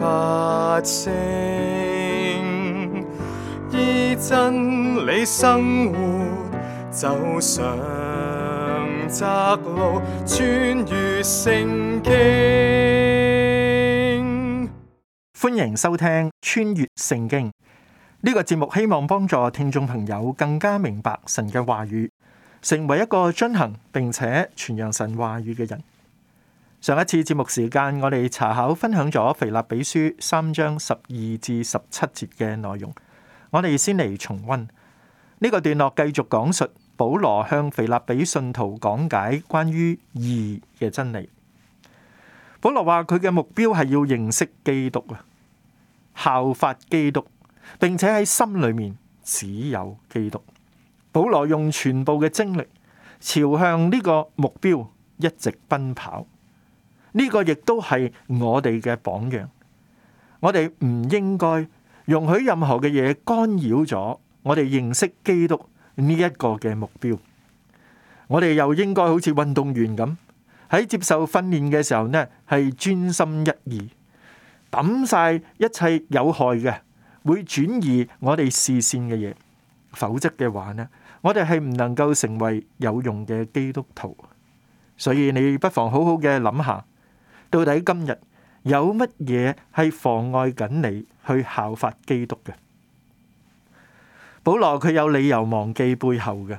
發聲依真理生活，走上窄路，穿越聖經。歡迎收聽《穿越聖經》呢個節目，希望幫助聽眾朋友更加明白神嘅話語，成為一個遵行並且傳揚神話語嘅人。上一次節目時間，我哋查考分享咗《腓立比書》三章十二至十七節嘅內容。我哋先嚟重溫呢個段落，繼續講述保羅向腓立比信徒講解關於義嘅真理。保羅話佢嘅目標係要認識基督啊，效法基督，並且喺心裏面只有基督。保羅用全部嘅精力朝向呢個目標，一直奔跑。呢個亦都係我哋嘅榜樣，我哋唔應該容許任何嘅嘢干擾咗我哋認識基督呢一個嘅目標。我哋又應該好似運動員咁，喺接受訓練嘅時候呢，係專心一意，抌晒一切有害嘅會轉移我哋視線嘅嘢，否則嘅話呢，我哋係唔能夠成為有用嘅基督徒。所以你不妨好好嘅諗下。到底今日有乜嘢係妨礙緊你去效法基督嘅？保羅佢有理由忘記背後嘅。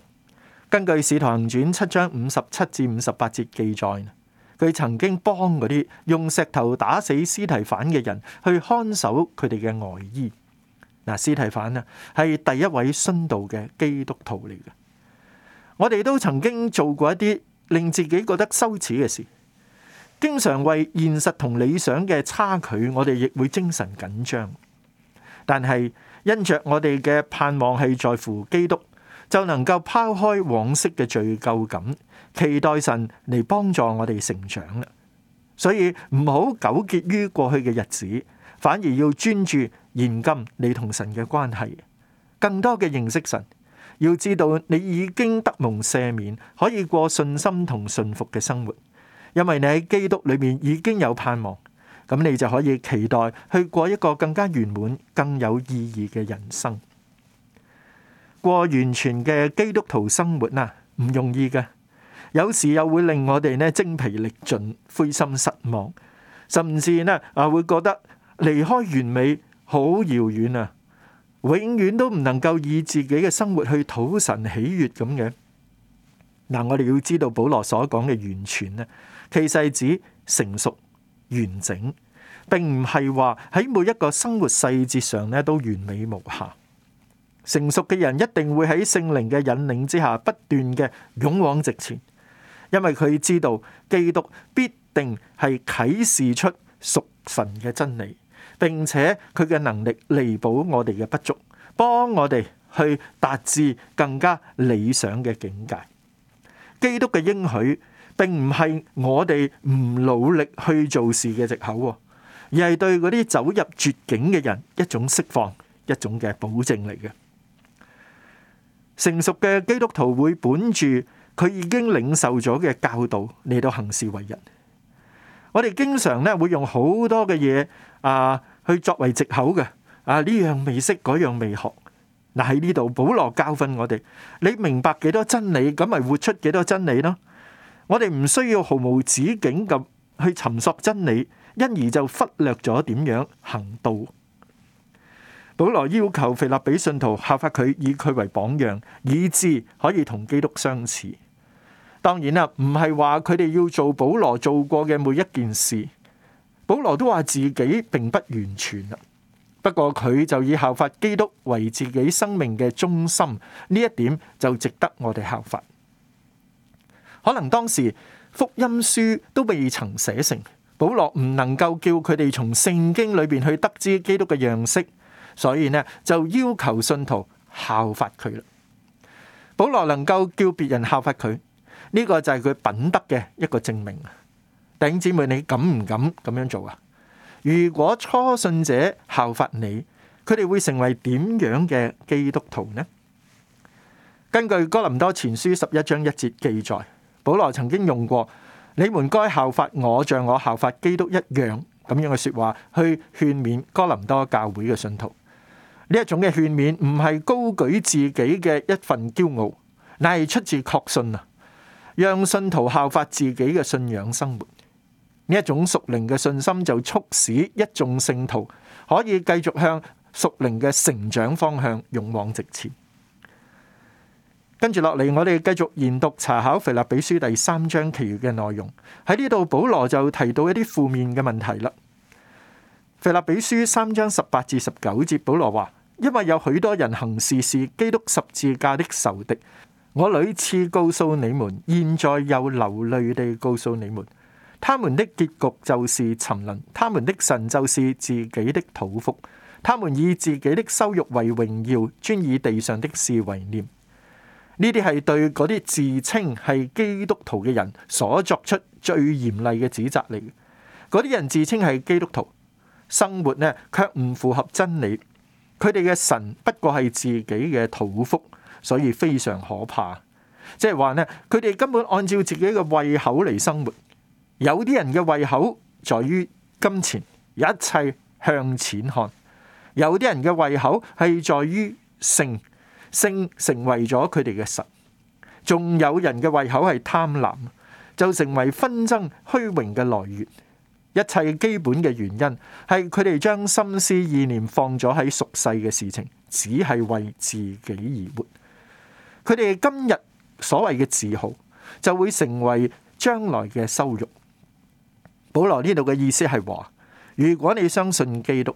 根據《使徒行傳》七章五十七至五十八節記載，佢曾經幫嗰啲用石頭打死司提反嘅人，去看守佢哋嘅外衣。嗱，司提反啊，係第一位殉道嘅基督徒嚟嘅。我哋都曾經做過一啲令自己覺得羞恥嘅事。經常為現實同理想嘅差距，我哋亦會精神緊張。但係因着我哋嘅盼望係在乎基督，就能夠拋開往昔嘅罪疚感，期待神嚟幫助我哋成長啦。所以唔好糾結於過去嘅日子，反而要專注現今你同神嘅關係，更多嘅認識神，要知道你已經得蒙赦免，可以過信心同信服嘅生活。因為你喺基督裏面已經有盼望，咁你就可以期待去過一個更加圓滿、更有意義嘅人生。過完全嘅基督徒生活啊，唔容易嘅，有時又會令我哋呢精疲力盡、灰心失望，甚至呢啊會覺得離開完美好遙遠啊，永遠都唔能夠以自己嘅生活去討神喜悦咁樣。嗱，我哋要知道保羅所講嘅完全呢？其實係指成熟完整，並唔係話喺每一個生活細節上咧都完美無瑕。成熟嘅人一定會喺聖靈嘅引領之下，不斷嘅勇往直前，因為佢知道基督必定係啟示出屬神嘅真理，並且佢嘅能力彌補我哋嘅不足，幫我哋去達至更加理想嘅境界。基督嘅應許。並唔係我哋唔努力去做事嘅藉口，而係對嗰啲走入絕境嘅人一種釋放、一種嘅保證嚟嘅。成熟嘅基督徒會本住佢已經領受咗嘅教導嚟到行事為人。我哋經常咧會用好多嘅嘢啊去作為藉口嘅啊，呢樣未識，嗰樣未學。嗱喺呢度，保羅教訓我哋：你明白幾多真理，咁咪活出幾多真理咯。我哋唔需要毫無止境咁去尋索真理，因而就忽略咗點樣行道。保羅要求腓立比信徒效法佢，以佢為榜樣，以致可以同基督相似。當然啦，唔係話佢哋要做保羅做過嘅每一件事。保羅都話自己並不完全，不過佢就以效法基督為自己生命嘅中心，呢一點就值得我哋效法。可能當時福音書都未曾寫成，保羅唔能夠叫佢哋從聖經裏邊去得知基督嘅樣式，所以呢就要求信徒效法佢啦。保羅能夠叫別人效法佢，呢個就係佢品德嘅一個證明。弟兄姊妹，你敢唔敢咁樣做啊？如果初信者效法你，佢哋會成為點樣嘅基督徒呢？根據哥林多前書十一章一節記載。保羅曾經用過你們該效法我，像我效法基督一樣咁樣嘅說話，去勸勉哥林多教會嘅信徒。呢一種嘅勸勉唔係高舉自己嘅一份驕傲，乃係出自確信啊！讓信徒效法自己嘅信仰生活，呢一種屬靈嘅信心就促使一眾聖徒可以繼續向屬靈嘅成長方向勇往直前。跟住落嚟，我哋繼續研讀查考《腓立比書》第三章其餘嘅內容。喺呢度，保羅就提到一啲負面嘅問題啦。《腓立比書》三章十八至十九節，保羅話：因為有許多人行事是基督十字架的仇敵，我屢次告訴你們，現在又流淚地告訴你們，他們的結局就是沉淪；他們的神就是自己的肚腹，他們以自己的羞辱為榮耀，專以地上的事為念。呢啲係對嗰啲自稱係基督徒嘅人所作出最嚴厲嘅指責嚟嘅。嗰啲人自稱係基督徒，生活呢卻唔符合真理。佢哋嘅神不過係自己嘅肚腹，所以非常可怕。即係話呢，佢哋根本按照自己嘅胃口嚟生活。有啲人嘅胃口在於金錢，一切向錢看；有啲人嘅胃口係在於性。聖成為咗佢哋嘅神，仲有人嘅胃口係貪婪，就成為紛爭虛榮嘅來源。一切基本嘅原因係佢哋將心思意念放咗喺俗世嘅事情，只係為自己而活。佢哋今日所謂嘅自豪，就會成為將來嘅羞辱。保羅呢度嘅意思係話，如果你相信基督。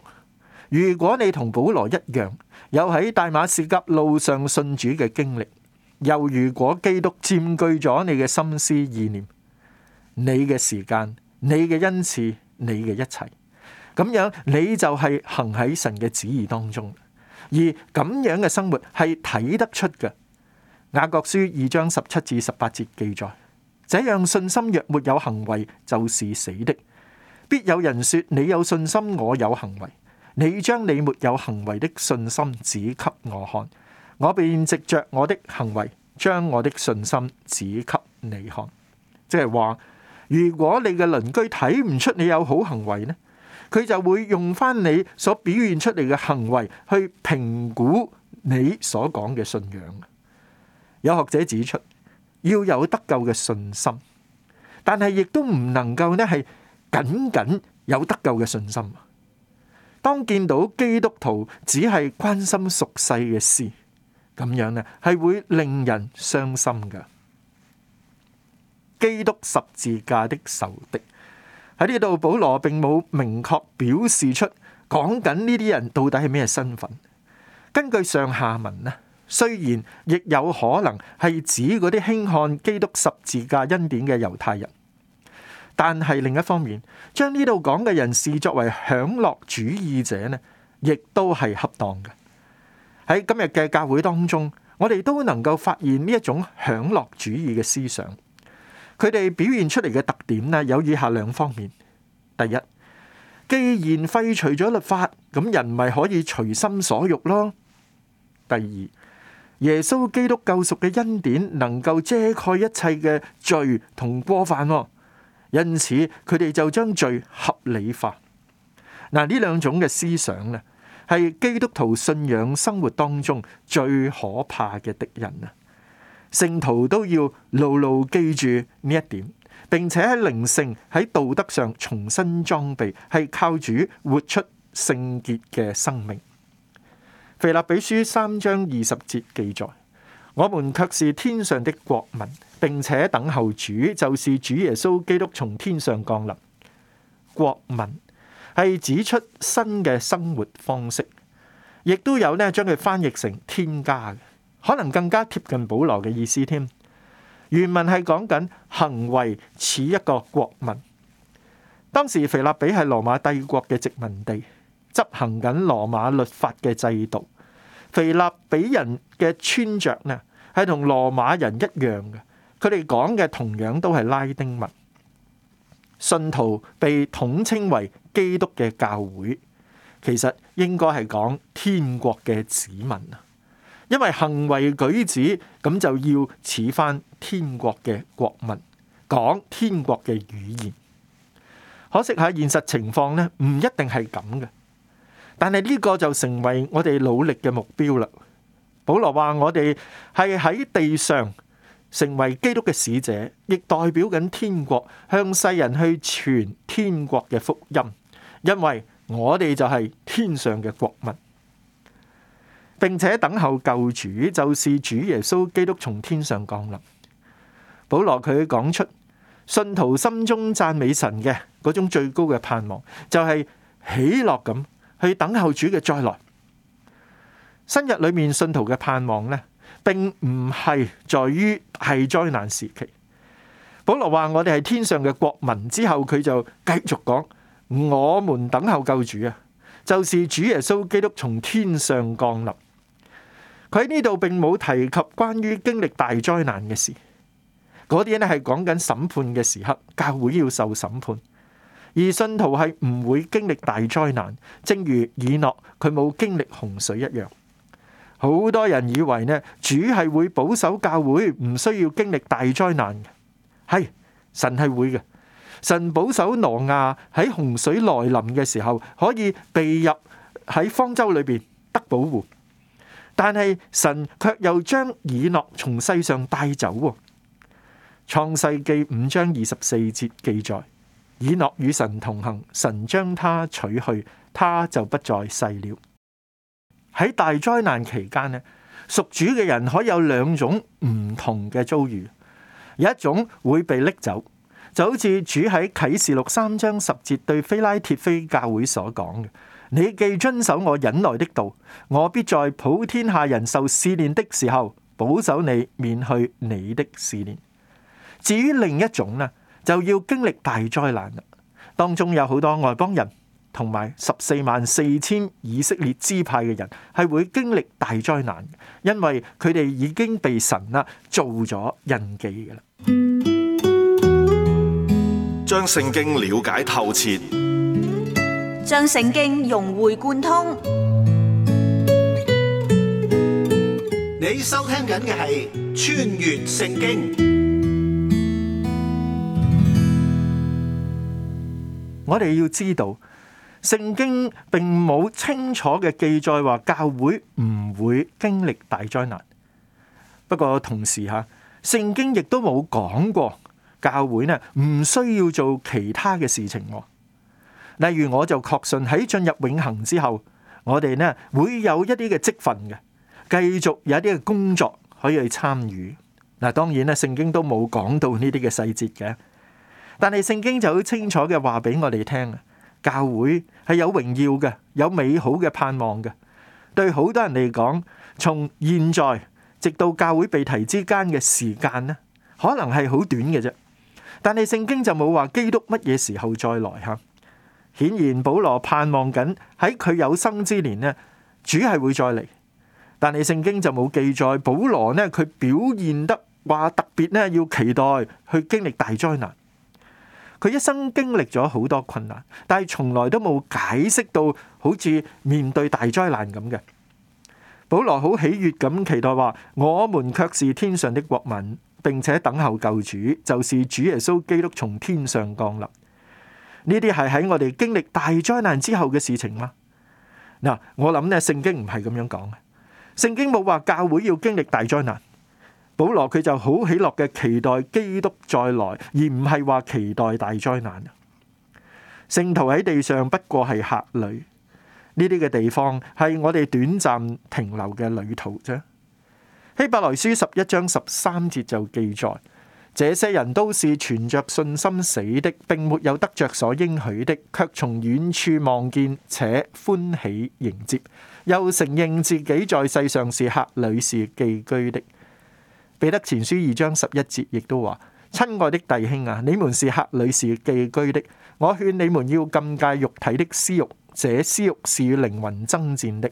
如果你同保羅一樣有喺大馬士革路上信主嘅經歷，又如果基督佔據咗你嘅心思意念，你嘅時間、你嘅恩賜、你嘅一切，咁樣你就係行喺神嘅旨意當中。而咁樣嘅生活係睇得出嘅。雅各書二章十七至十八節記載：這樣信心若沒有行為，就是死的。必有人說你有信心，我有行為。你將你沒有行為的信心指給我看，我便藉着我的行為將我的信心指給你看。即係話，如果你嘅鄰居睇唔出你有好行為呢，佢就會用翻你所表現出嚟嘅行為去評估你所講嘅信仰。有學者指出，要有得救嘅信心，但係亦都唔能夠呢係僅僅有得救嘅信心。當見到基督徒只係關心屬世嘅事，咁樣咧係會令人傷心噶。基督十字架的仇敵喺呢度，保羅並冇明確表示出講緊呢啲人到底係咩身份。根據上下文呢，雖然亦有可能係指嗰啲輕看基督十字架恩典嘅猶太人。但係另一方面，將呢度講嘅人視作為享樂主義者呢，亦都係恰當嘅。喺今日嘅教會當中，我哋都能夠發現呢一種享樂主義嘅思想。佢哋表現出嚟嘅特點呢，有以下兩方面：第一，既然廢除咗律法，咁人咪可以隨心所欲咯；第二，耶穌基督救贖嘅恩典能夠遮蓋一切嘅罪同過犯。因此，佢哋就將罪合理化。嗱，呢兩種嘅思想咧，係基督徒信仰生活當中最可怕嘅敵人啊！聖徒都要牢牢記住呢一點，並且喺靈性、喺道德上重新裝備，係靠主活出聖潔嘅生命。腓立比書三章二十節記載：我們卻是天上的國民。並且等候主，就是主耶穌基督從天上降臨。國民係指出新嘅生活方式，亦都有咧將佢翻譯成天家，可能更加貼近保羅嘅意思添。原文係講緊行為似一個國民。當時腓立比係羅馬帝國嘅殖民地，執行緊羅馬律法嘅制度。腓立比人嘅穿着呢係同羅馬人一樣嘅。佢哋講嘅同樣都係拉丁文，信徒被統稱為基督嘅教會，其實應該係講天國嘅子民啊，因為行為舉止咁就要似翻天國嘅國民，講天國嘅語言。可惜喺現實情況呢，唔一定係咁嘅，但係呢個就成為我哋努力嘅目標啦。保羅話：我哋係喺地上。成為基督嘅使者，亦代表緊天國向世人去傳天國嘅福音。因為我哋就係天上嘅國民，並且等候救主，就是主耶穌基督從天上降臨。保羅佢講出信徒心中讚美神嘅嗰種最高嘅盼望，就係喜樂咁去等候主嘅再來。新約裏面信徒嘅盼望呢，並唔係在於係災難時期。保羅話我哋係天上嘅國民之後他繼，佢就繼續講：我們等候救主啊，就是主耶穌基督從天上降臨。佢喺呢度並冇提及關於經歷大災難嘅事。嗰啲咧係講緊審判嘅時刻，教會要受審判，而信徒係唔會經歷大災難，正如以諾佢冇經歷洪水一樣。好多人以為呢，主係會保守教會，唔需要經歷大災難嘅。係神係會嘅，神保守挪亞喺洪水來臨嘅時候可以避入喺方舟裏邊得保護。但係神卻又將以諾從世上帶走。創世記五章二十四節記載：以諾與神同行，神將他取去，他就不在世了。喺大災難期間咧，屬主嘅人可以有兩種唔同嘅遭遇。有一種會被拎走，就好似主喺啟示錄三章十節對非拉鐵非教會所講嘅：你既遵守我忍耐的道，我必在普天下人受試煉的時候保守你，免去你的試煉。至於另一種咧，就要經歷大災難啦。當中有好多外邦人。同埋十四萬四千以色列支派嘅人，係會經歷大災難，因為佢哋已經被神啊做咗印記噶啦。將聖經了解透徹，將聖經融會貫通。你收聽緊嘅係《穿越聖經》，我哋要知道。聖經並冇清楚嘅記載話教會唔會經歷大災難。不過同時吓，聖經亦都冇講過教會呢唔需要做其他嘅事情。例如我就確信喺進入永恆之後，我哋呢會有一啲嘅職分嘅，繼續有一啲嘅工作可以去參與。嗱，當然呢，聖經都冇講到呢啲嘅細節嘅。但係聖經就好清楚嘅，話俾我哋聽啊。教會係有榮耀嘅，有美好嘅盼望嘅。對好多人嚟講，從現在直到教會被提之間嘅時間咧，可能係好短嘅啫。但係聖經就冇話基督乜嘢時候再來吓。顯然保羅盼望緊喺佢有生之年咧，主係會再嚟。但係聖經就冇記載保羅咧，佢表現得話特別咧要期待去經歷大災難。佢一生經歷咗好多困難，但係從來都冇解釋到好似面對大災難咁嘅。保羅好喜悅咁期待話：我們卻是天上的國民，並且等候救主，就是主耶穌基督從天上降臨。呢啲係喺我哋經歷大災難之後嘅事情嗎？嗱，我諗呢，聖經唔係咁樣講嘅。聖經冇話教會要經歷大災難。保羅佢就好喜樂嘅期待基督再來，而唔係話期待大災難啊。聖徒喺地上不過係客旅呢啲嘅地方，係我哋短暫停留嘅旅途啫。希伯來書十一章十三節就記載，這些人都是存著信心死的，並沒有得著所應許的，卻從遠處望見，且歡喜迎接，又承認自己在世上是客旅，是寄居的。彼得前書二章十一節亦都話：親愛的弟兄啊，你們是客旅，是寄居的。我勸你們要禁戒肉體的私欲，這私欲是與靈魂爭戰的。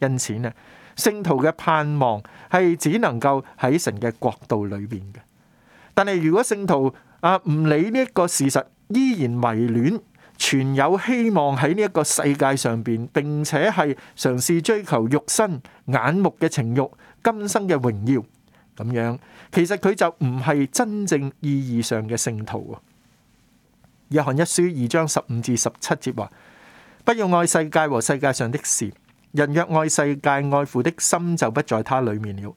因此呢，聖徒嘅盼望係只能夠喺神嘅國度裏邊嘅。但係如果聖徒啊唔理呢一個事實，依然迷戀存有希望喺呢一個世界上邊，並且係嘗試追求肉身眼目嘅情欲，今生嘅榮耀。咁樣，其實佢就唔係真正意義上嘅聖徒、啊、約翰一書二章十五至十七節話：不要愛世界和世界上的事。人若愛世界，愛父的心就不在他裡面了。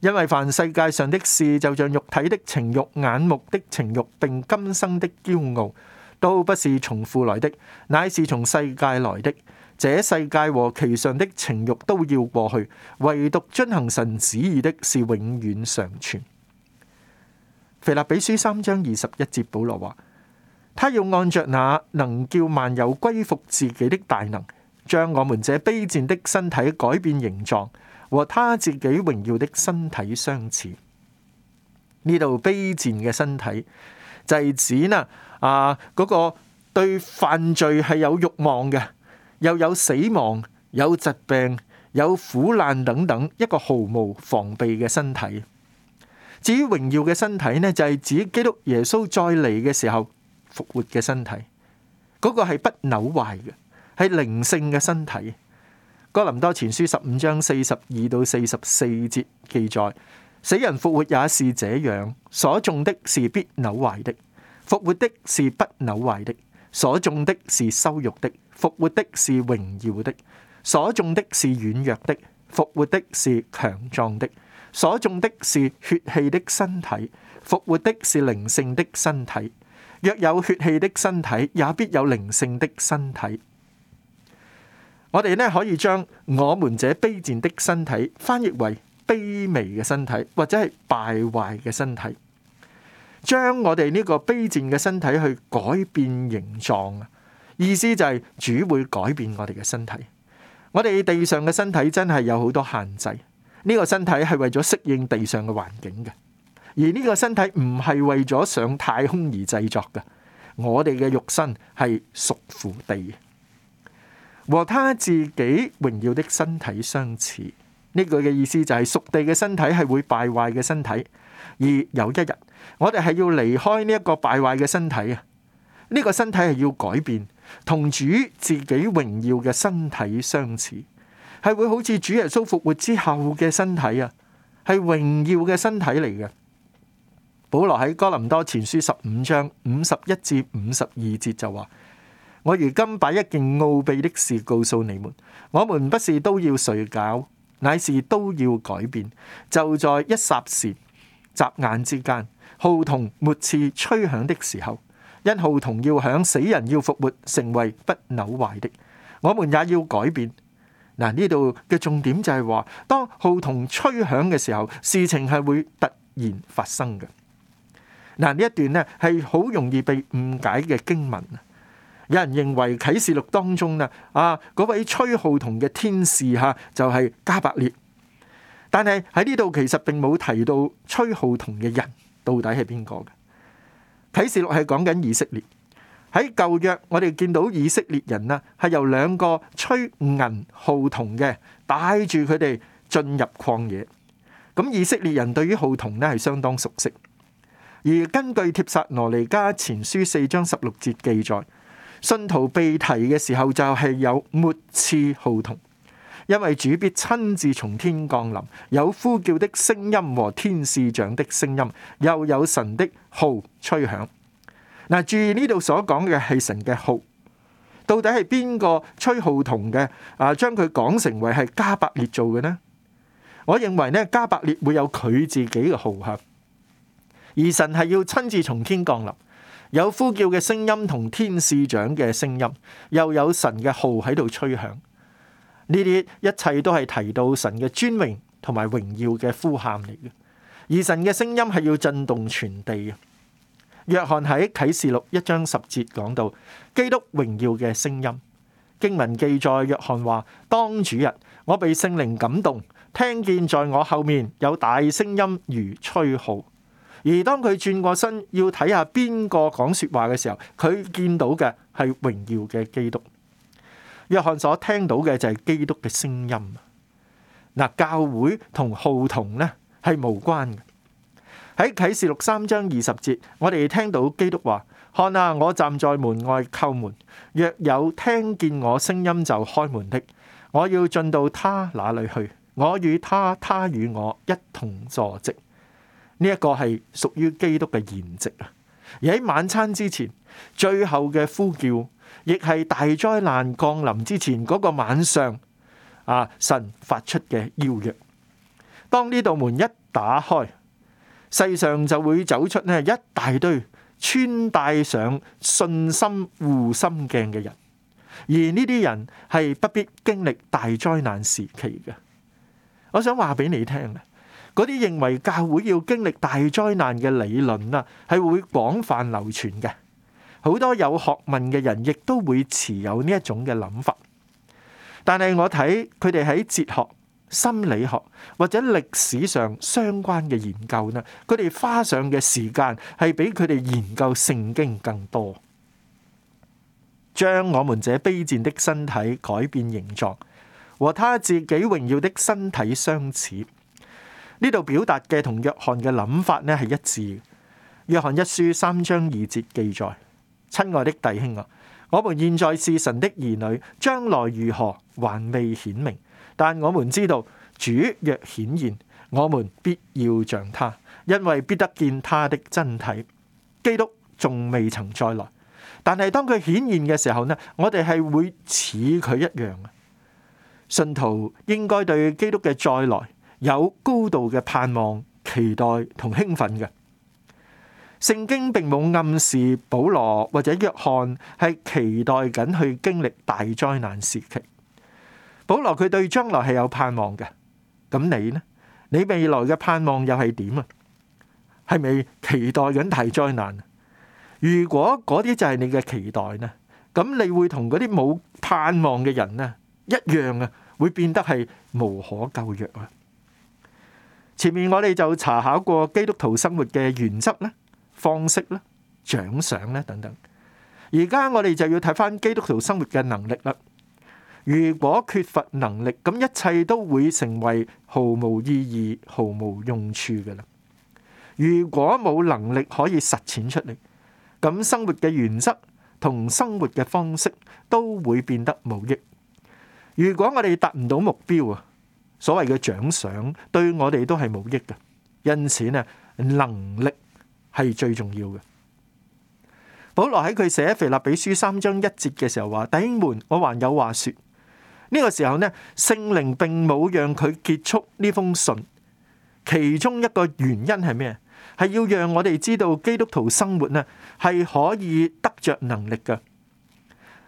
因為凡世界上的事，就像肉體的情欲、眼目的情欲，並今生的驕傲，都不是從父來的，乃是從世界來的。這世界和其上的情欲都要過去，唯獨遵行神旨意的是永遠常存。腓立比書三章二十一節，保羅話：他要按着那能叫萬有歸服自己的大能，將我們這卑賤的身體改變形狀，和他自己榮耀的身體相似。呢度卑賤嘅身體就係、是、指呢啊嗰個對犯罪係有欲望嘅。又有死亡、有疾病、有苦難等等，一個毫無防備嘅身體。至於榮耀嘅身體呢，就係指基督耶穌再嚟嘅時候復活嘅身體，嗰個係不朽壞嘅，係靈性嘅身體。哥林多前書十五章四十二到四十四節記載：死人復活也是這樣，所種的是必朽壞的，復活的是不朽壞的；所種的是羞辱的。復活的是榮耀的，所種的是軟弱的；復活的是強壯的，所種的是血氣的身體；復活的是靈性的身體。若有血氣的身體，也必有靈性的身體。我哋咧可以將我們這卑賤的身體翻譯為卑微嘅身體，或者係敗壞嘅身體，將我哋呢個卑賤嘅身體去改變形狀啊！意思就係主會改變我哋嘅身體，我哋地上嘅身體真係有好多限制，呢個身體係為咗適應地上嘅環境嘅，而呢個身體唔係為咗上太空而製作嘅。我哋嘅肉身係屬乎地，和他自己榮耀的身體相似。呢句嘅意思就係屬地嘅身體係會敗壞嘅身體，而有一日我哋係要離開呢一個敗壞嘅身體啊，呢個身體係要改變。同主自己榮耀嘅身體相似，係會好似主耶穌復活之後嘅身體啊，係榮耀嘅身體嚟嘅。保羅喺哥林多前書十五章五十一至五十二節就話：我如今把一件奧秘的事告訴你們，我們不是都要睡覺，乃是都要改變，就在一霎時、眨眼之間、號筒末次吹響的時候。因號筒要響，死人要復活，成為不朽壞的。我們也要改變。嗱，呢度嘅重點就係話，當號筒吹響嘅時候，事情係會突然發生嘅。嗱，呢一段呢係好容易被誤解嘅經文。有人認為啟示錄當中呢，啊嗰位吹號筒嘅天使吓就係加百列，但係喺呢度其實並冇提到吹號筒嘅人到底係邊個嘅。啟示錄係講緊以色列喺舊約，我哋見到以色列人啊，係由兩個吹銀號筒嘅帶住佢哋進入曠野。咁以色列人對於號筒呢係相當熟悉，而根據帖撒羅尼迦前書四章十六節記載，信徒被提嘅時候就係有末次號筒。因為主必親自從天降臨，有呼叫的聲音和天使長的聲音，又有神的號吹響。嗱，注意呢度所講嘅係神嘅號，到底係邊個吹號筒嘅？啊，將佢講成為係加百列做嘅？呢我認為呢，加百列會有佢自己嘅號客，而神係要親自從天降臨，有呼叫嘅聲音同天使長嘅聲音，又有神嘅號喺度吹響。呢啲一切都係提到神嘅尊榮同埋榮耀嘅呼喊嚟嘅，而神嘅聲音係要震動全地嘅。約翰喺啟示錄一章十節講到基督榮耀嘅聲音。經文記載約翰話：當主日，我被聖靈感動，聽見在我後面有大聲音如吹號，而當佢轉過身要睇下邊個講說話嘅時候，佢見到嘅係榮耀嘅基督。約翰所聽到嘅就係基督嘅聲音。嗱，教會同號同呢係無關嘅。喺啟示錄三章二十節，我哋聽到基督話：看啊，我站在門外叩門，若有聽見我聲音就開門的，我要進到他那裡去，我與他，他與我一同坐席。呢、這、一個係屬於基督嘅筵席啊。而喺晚餐之前，最後嘅呼叫。亦係大災難降臨之前嗰個晚上，啊！神發出嘅邀約，當呢道門一打開，世上就會走出呢一大堆穿戴上信心護心鏡嘅人，而呢啲人係不必經歷大災難時期嘅。我想話俾你聽啦，嗰啲認為教會要經歷大災難嘅理論啊，係會廣泛流傳嘅。好多有學問嘅人亦都會持有呢一種嘅諗法，但係我睇佢哋喺哲學、心理學或者歷史上相關嘅研究呢，佢哋花上嘅時間係比佢哋研究聖經更多。將我們這卑賤的身體改變形狀，和他自己榮耀的身體相似。呢度表達嘅同約翰嘅諗法呢係一致的。約翰一書三章二節記載。親愛的弟兄啊，我們現在是神的兒女，將來如何還未顯明，但我們知道主若顯現，我們必要像他，因為必得見他的真體。基督仲未曾再來，但係當佢顯現嘅時候呢，我哋係會似佢一樣。信徒應該對基督嘅再來有高度嘅盼望，期待同興奮嘅。聖經並冇暗示保羅或者約翰係期待緊去經歷大災難時期。保羅佢對將來係有盼望嘅，咁你呢？你未來嘅盼望又係點啊？係咪期待緊大災難？如果嗰啲就係你嘅期待呢，咁你會同嗰啲冇盼望嘅人呢一樣啊？會變得係無可救藥啊！前面我哋就查考過基督徒生活嘅原則呢，方式咧、獎賞咧等等，而家我哋就要睇翻基督徒生活嘅能力啦。如果缺乏能力，咁一切都會成為毫無意義、毫無用處嘅啦。如果冇能力可以實踐出嚟，咁生活嘅原則同生活嘅方式都會變得冇益。如果我哋達唔到目標啊，所謂嘅獎賞對我哋都係冇益嘅。因此啊，能力。係最重要嘅。保羅喺佢寫腓立比書三章一節嘅時候話：弟兄們，我還有話說。呢個時候呢，聖靈並冇讓佢結束呢封信。其中一個原因係咩？係要讓我哋知道基督徒生活呢係可以得着能力嘅。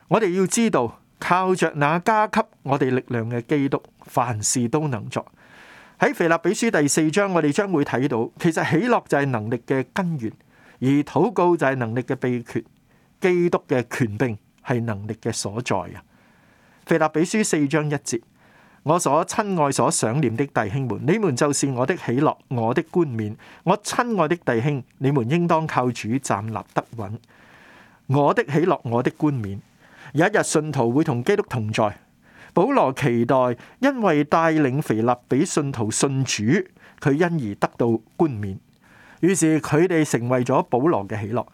我哋要知道，靠着那加給我哋力量嘅基督，凡事都能做。喺腓立比書第四章，我哋將會睇到，其實喜樂就係能力嘅根源，而禱告就係能力嘅秘訣。基督嘅權柄係能力嘅所在啊！腓立比書四章一節：我所親愛所想念的弟兄們，你們就是我的喜樂，我的冠冕。我親愛的弟兄，你們應當靠主站立得穩。我的喜樂，我的冠冕。有一日，信徒會同基督同在。保羅期待，因為帶領腓立比信徒信主，佢因而得到冠冕。於是佢哋成為咗保羅嘅喜樂。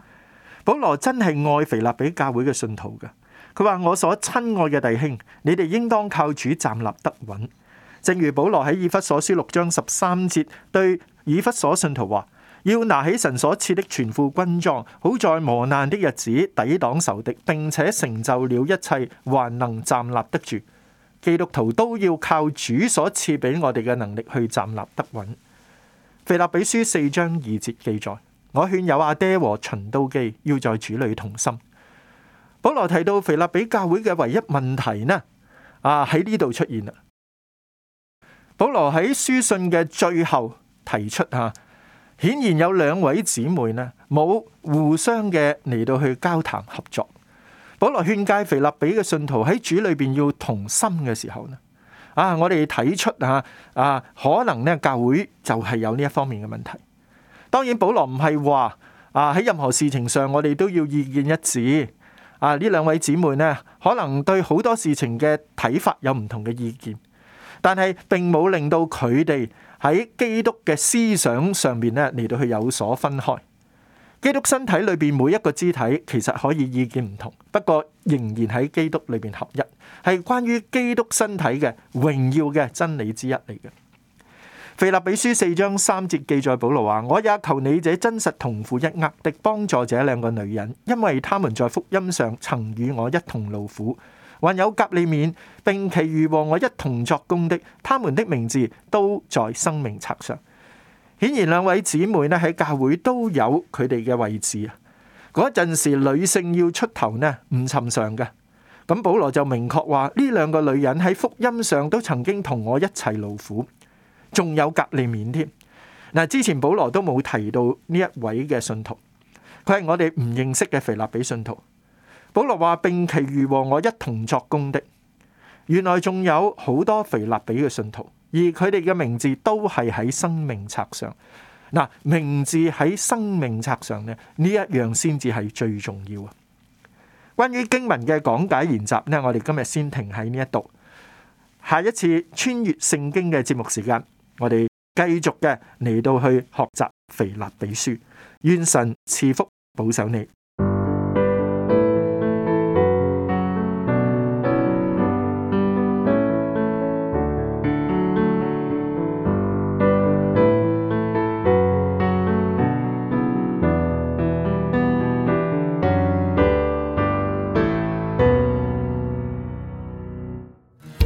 保羅真係愛腓立比教會嘅信徒噶。佢話：我所親愛嘅弟兄，你哋應當靠主站立得穩。正如保羅喺以弗所書六章十三節對以弗所信徒話：要拿起神所賜的全副軍裝，好在磨難的日子抵擋仇敵，並且成就了一切，還能站立得住。基督徒都要靠主所賜俾我哋嘅能力去站立得穩。腓立比書四章二節記載：我勸友阿爹和循都基要在主裏同心。保羅提到腓立比教會嘅唯一問題呢？啊，喺呢度出現啦。保羅喺書信嘅最後提出吓，顯然有兩位姊妹呢，冇互相嘅嚟到去交談合作。保羅勸誡腓立比嘅信徒喺主裏邊要同心嘅時候呢，啊，我哋睇出啊啊，可能呢教會就係有呢一方面嘅問題。當然保羅唔係話啊，喺任何事情上我哋都要意見一致。啊，呢兩位姊妹呢，可能對好多事情嘅睇法有唔同嘅意見，但係並冇令到佢哋喺基督嘅思想上面呢，嚟到去有所分開。基督身體裏邊每一個肢體其實可以意見唔同，不過仍然喺基督裏邊合一，係關於基督身體嘅榮耀嘅真理之一嚟嘅。腓立比書四章三節記載保羅話：我也求你這真實同負一軛的幫助，這兩個女人，因為他們在福音上曾與我一同勞苦，還有革利免並其餘和我一同作工的，他們的名字都在生命冊上。顯然兩位姊妹咧喺教會都有佢哋嘅位置啊！嗰陣時女性要出頭咧唔尋常嘅，咁保羅就明確話呢兩個女人喺福音上都曾經同我一齊勞苦，仲有革利免添。嗱，之前保羅都冇提到呢一位嘅信徒，佢係我哋唔認識嘅腓立比信徒。保羅話並其餘和我一同作工的，原來仲有好多腓立比嘅信徒。而佢哋嘅名字都係喺生命冊上。嗱，名字喺生命冊上咧，呢一樣先至係最重要啊！關於經文嘅講解研習呢，我哋今日先停喺呢一度。下一次穿越聖經嘅節目時間，我哋繼續嘅嚟到去學習腓立比書，願神賜福保守你。